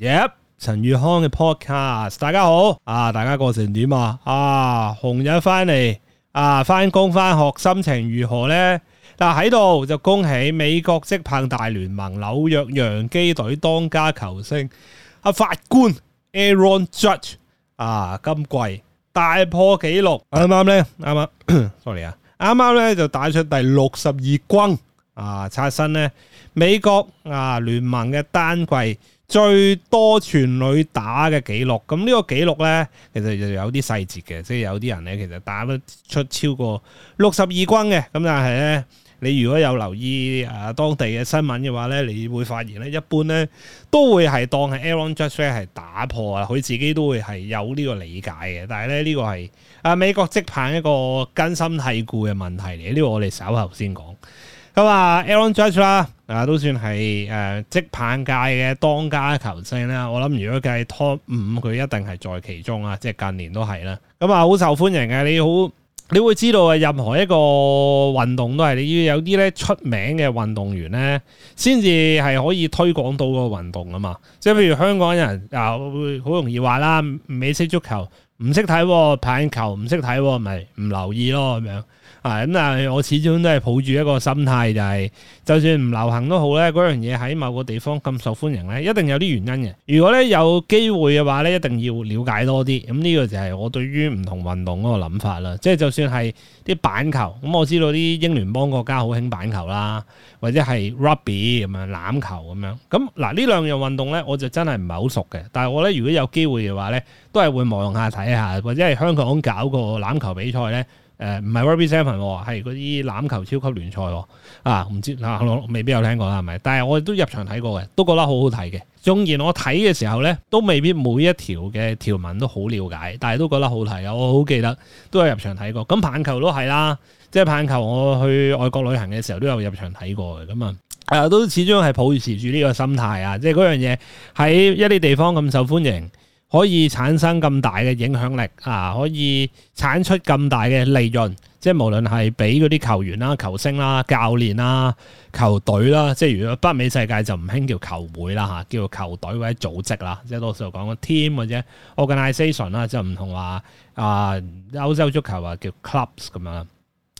Yep！陳宇康嘅 podcast，大家好啊！大家過成點啊？啊，紅日翻嚟啊，翻工翻學，心情如何咧？嗱，喺度就恭喜美國職棒大聯盟紐約洋基隊當家球星阿法官 Aaron Judge 啊，今季大破紀錄啱啱咧，啱啱，sorry 啊，啱啱咧就打出第六十二轟啊！刷新咧美國啊聯盟嘅單季。最多全壘打嘅紀錄，咁呢個紀錄呢，其實就有啲細節嘅，即係有啲人呢，其實打得出超過六十二軍嘅，咁但係呢，你如果有留意啊當地嘅新聞嘅話呢，你會發現呢，一般呢都會係當係 Aaron Judge 係打破啊，佢自己都會係有呢個理解嘅，但係呢，呢、這個係啊美國職棒一個根深蒂固嘅問題嚟，呢、這個我哋稍後先講。咁啊，Aaron Judge 啦、啊，啊都算係誒、呃、即棒界嘅當家球星啦。我諗如果計 Top 五，佢一定係在其中啊。即近年都係啦。咁啊，好受歡迎嘅，你好你會知道啊，任何一個運動都係你要有啲咧出名嘅運動員咧，先至係可以推廣到個運動啊嘛。即譬如香港人啊，會好容易話啦，美式足球唔識睇，棒球唔識睇，咪唔留意咯咁樣。啊咁啊！我始終都係抱住一個心態，就係就算唔流行都好咧，嗰樣嘢喺某個地方咁受歡迎咧，一定有啲原因嘅。如果咧有機會嘅話咧，一定要了解多啲。咁呢個就係我對於唔同運動嗰個諗法啦。即係就算係啲板球，咁我知道啲英聯邦國家好興板球啦，或者係 Rugby 咁樣欖球咁樣。咁嗱呢兩樣運動咧，我就真係唔係好熟嘅。但係我咧，如果有機會嘅話咧，都係會望下睇下，或者係香港搞個欖球比賽咧。誒唔係 Ruby Seven 喎，係嗰啲籃球超級聯賽喎啊！唔知嗱、啊，未必有聽過啦，係咪？但係我都入場睇過嘅，都覺得好好睇嘅。縱然我睇嘅時候咧，都未必每一條嘅條文都好了解，但係都覺得好睇啊！我好記得都有入場睇過。咁棒球都係啦，即、就、係、是、棒球我去外國旅行嘅時候都有入場睇過嘅咁啊，啊。都始終係保持住呢個心態啊！即係嗰樣嘢喺一啲地方咁受歡迎。可以產生咁大嘅影響力啊！可以產出咁大嘅利潤，即係無論係俾嗰啲球員啦、球星啦、教練啦、球隊啦，即係如果北美世界就唔興叫球會啦嚇，叫球隊或者組織啦，即係多數講講個 team 或者 organisation 啦，就唔同話啊歐洲足球啊叫 clubs 咁樣。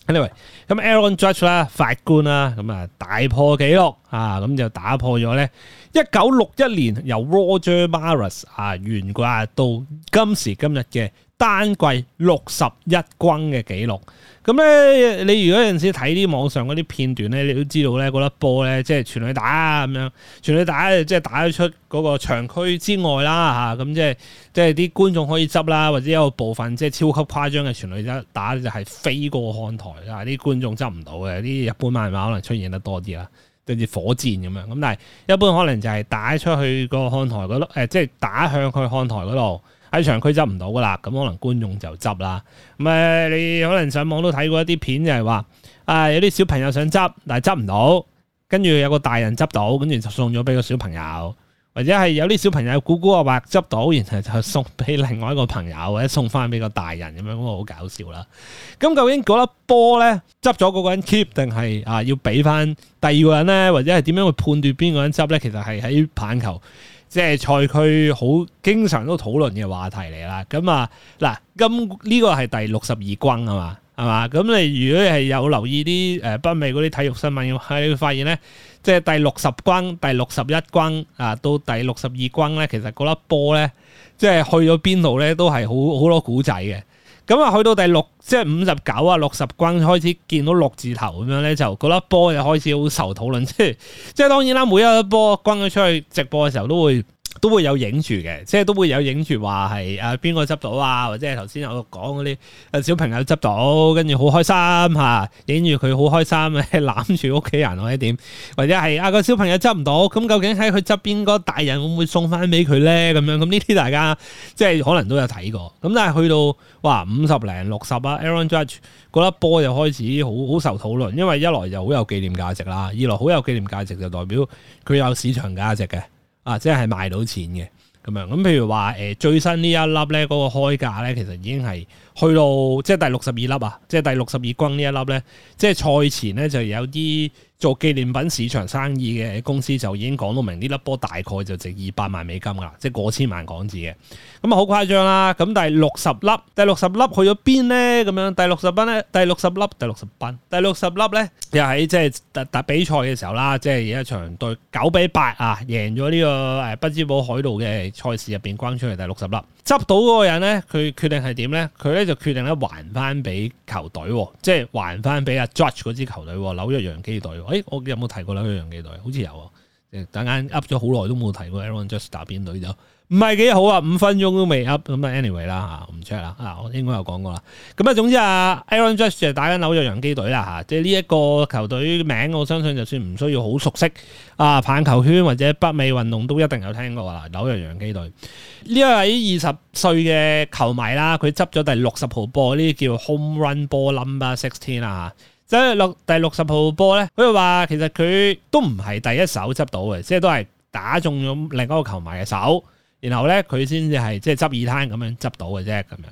Anyway，咁 Aaron Judge 啦，法官啦，咁啊大破紀錄啊，咁就打破咗咧一九六一年由 Roger Maris 啊懸掛到今時今日嘅。單季六十一轟嘅紀錄，咁咧你如果有陣時睇啲網上嗰啲片段咧，你都知道咧嗰粒波咧即係全壘打呀咁樣，全壘打即係打得出嗰個場區之外啦吓，咁即係即係啲觀眾可以執啦，或者有部分即係超級誇張嘅全壘打打就係飛過看台啦，啲觀眾執唔到嘅，啲日本漫畫可能出現得多啲啦。跟住火箭咁樣，咁但係一般可能就係打出去個看台嗰度，誒即係打向佢看台嗰度，喺場區執唔到噶啦，咁可能觀眾就執啦。咁誒，你可能上網都睇過一啲片，就係話誒有啲小朋友想執，但係執唔到，跟住有個大人執到，跟住就送咗俾個小朋友。或者係有啲小朋友估估啊，或執到，然後就送俾另外一個朋友，或者送翻俾個大人咁樣，咁好搞笑啦。咁究竟嗰粒波呢？執咗嗰個人 keep 定係啊要俾翻第二個人呢？或者係點樣去判斷邊個人執呢？其實係喺棒球即係賽區好經常都討論嘅話題嚟啦。咁啊嗱，咁呢、這個係第六十二關啊嘛。是吧？係嘛？咁你如果係有留意啲誒北美嗰啲體育新聞嘅，你會發現咧，即係第六十轟、第六十一轟啊，到第六十二轟咧，其實嗰粒波咧，即係去到邊度咧，都係好好多古仔嘅。咁啊，去到第六即係五十九啊、六十轟開始見到六字頭咁樣咧，就嗰粒波就開始好受討論。即係即係當然啦，每一粒波轟咗出去直播嘅時候都會。都會有影住嘅，即係都會有影住話係啊邊個執到啊，或者係頭先我講嗰啲啊小朋友執到，跟住好開心嚇，影住佢好開心嘅，攬住屋企人或者點，或者係啊個小朋友執唔到，咁究竟喺佢側邊個大人會唔會送翻俾佢呢？咁樣咁呢啲大家即係可能都有睇過。咁但係去到哇五十零六十啊，Aaron Judge 嗰粒波就開始好好受討論，因為一來就好有紀念價值啦，二來好有紀念價值就代表佢有市場價值嘅。啊，即係賣到錢嘅咁樣，咁譬如話誒、呃、最新這一呢一粒呢，嗰個開價呢，其實已經係去到即係第六十二粒啊，即係第六十二軍呢一粒呢，即係賽前呢就有啲。做紀念品市場生意嘅公司就已經講到明，呢粒波大概就值二百萬美金㗎，即係過千萬港紙嘅，咁啊好誇張啦！咁第六十粒，第六十粒去咗邊呢？咁樣第六十粒咧，第六十粒，第六十粒，第六十粒咧，又喺即係打比賽嘅時候啦，即係有一場對九比八啊，贏咗呢個誒、啊、匹茲堡海盜嘅賽事入邊，關出嚟第六十粒執到嗰個人咧，佢決定係點咧？佢咧就決定咧還翻俾球隊，啊、即係還翻俾阿 Judge 嗰支球隊、啊、紐約洋基隊。誒，我有冇提過啦洋洋？紐約隊好似有啊，等間 up 咗好耐都冇提過。Aaron j u s t 打邊隊就唔係幾好啊，五分鐘都未 up 咁啊，anyway 啦吓，唔 check 啦，我應該有講過啦。咁啊，總之啊，Aaron j u s t e 係打緊紐約洋基隊啦吓，即係呢一個球隊名，我相信就算唔需要好熟悉啊棒球圈或者北美運動，都一定有聽過啦。紐約洋基隊呢位二十歲嘅球迷啦，佢執咗第六十號波，呢啲叫 home run ball number sixteen 啦吓。即係六第六十號波咧，佢就話其實佢都唔係第一手執到嘅，即係都係打中咗另一個球迷嘅手，然後咧佢先至係即係執二攤咁樣執到嘅啫咁樣。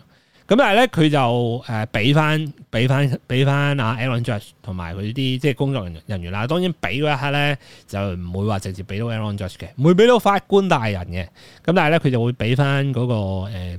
咁但係咧佢就誒，俾翻俾翻俾翻啊 Aaron Judge 同埋佢啲即係工作人員人員啦。當然俾嗰一刻咧就唔會話直接俾到 Aaron Judge 嘅，唔會俾到法官大人嘅。咁但係咧佢就會俾翻嗰個、呃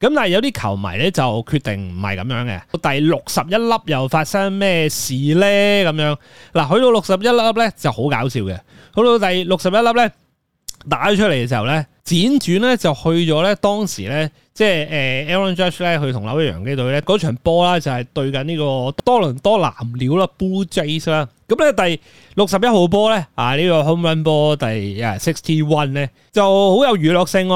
咁但係有啲球迷咧就決定唔係咁樣嘅，第六十一粒又發生咩事咧咁樣？嗱，去到六十一粒咧就好搞笑嘅。去到第六十一粒咧打出嚟嘅時候咧，輾轉咧就去咗咧當時咧即係誒 Aaron Judge 咧，去同紐約洋基隊咧嗰場波啦，就係、是、對緊呢個多倫多藍鳥啦 Blue Jays 啦。咁咧第六十一號波咧啊呢個 home run 波，第61啊 sixty one 咧就好有娛樂性。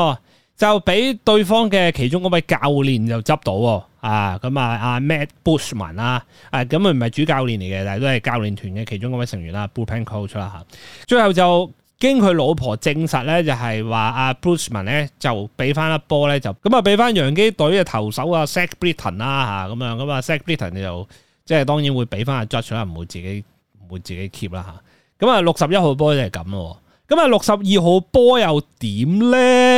就俾對方嘅其中嗰位教練就執到喎、啊，啊咁啊阿 Matt Bushman 啦、啊，啊咁啊唔係主教練嚟嘅，但係都係教練團嘅其中嗰位成員啦、啊、，Bullpen coach 啦、啊啊、最後就經佢老婆證實咧，就係、是、話阿、啊、Bushman 咧就俾翻一波咧，就咁啊俾翻洋基隊嘅投手啊 Zack Britton 啦咁樣，咁啊 Zack、啊啊啊啊啊、Britton 你就即係當然會俾翻阿 Judge 啦，唔會自己唔會自己 keep 啦咁啊六十一號波就係咁咯。咁啊，六十二號波又點呢？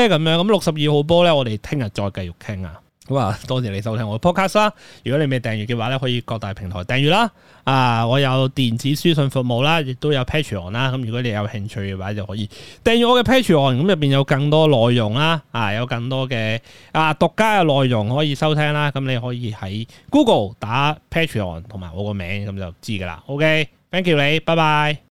咁樣咁六十二號波呢，我哋聽日再繼續傾啊。咁啊，多謝你收聽我嘅 podcast 啦。如果你未訂閱嘅話呢，可以各大平台訂閱啦。啊，我有電子書信服務啦，亦都有 Patreon 啦。咁如果你有興趣嘅話，就可以訂閱我嘅 Patreon。咁入邊有更多內容啦，啊，有更多嘅啊獨家嘅內容可以收聽啦。咁你可以喺 Google 打 Patreon 同埋我個名，咁就知噶啦。OK，thank you 你，拜拜。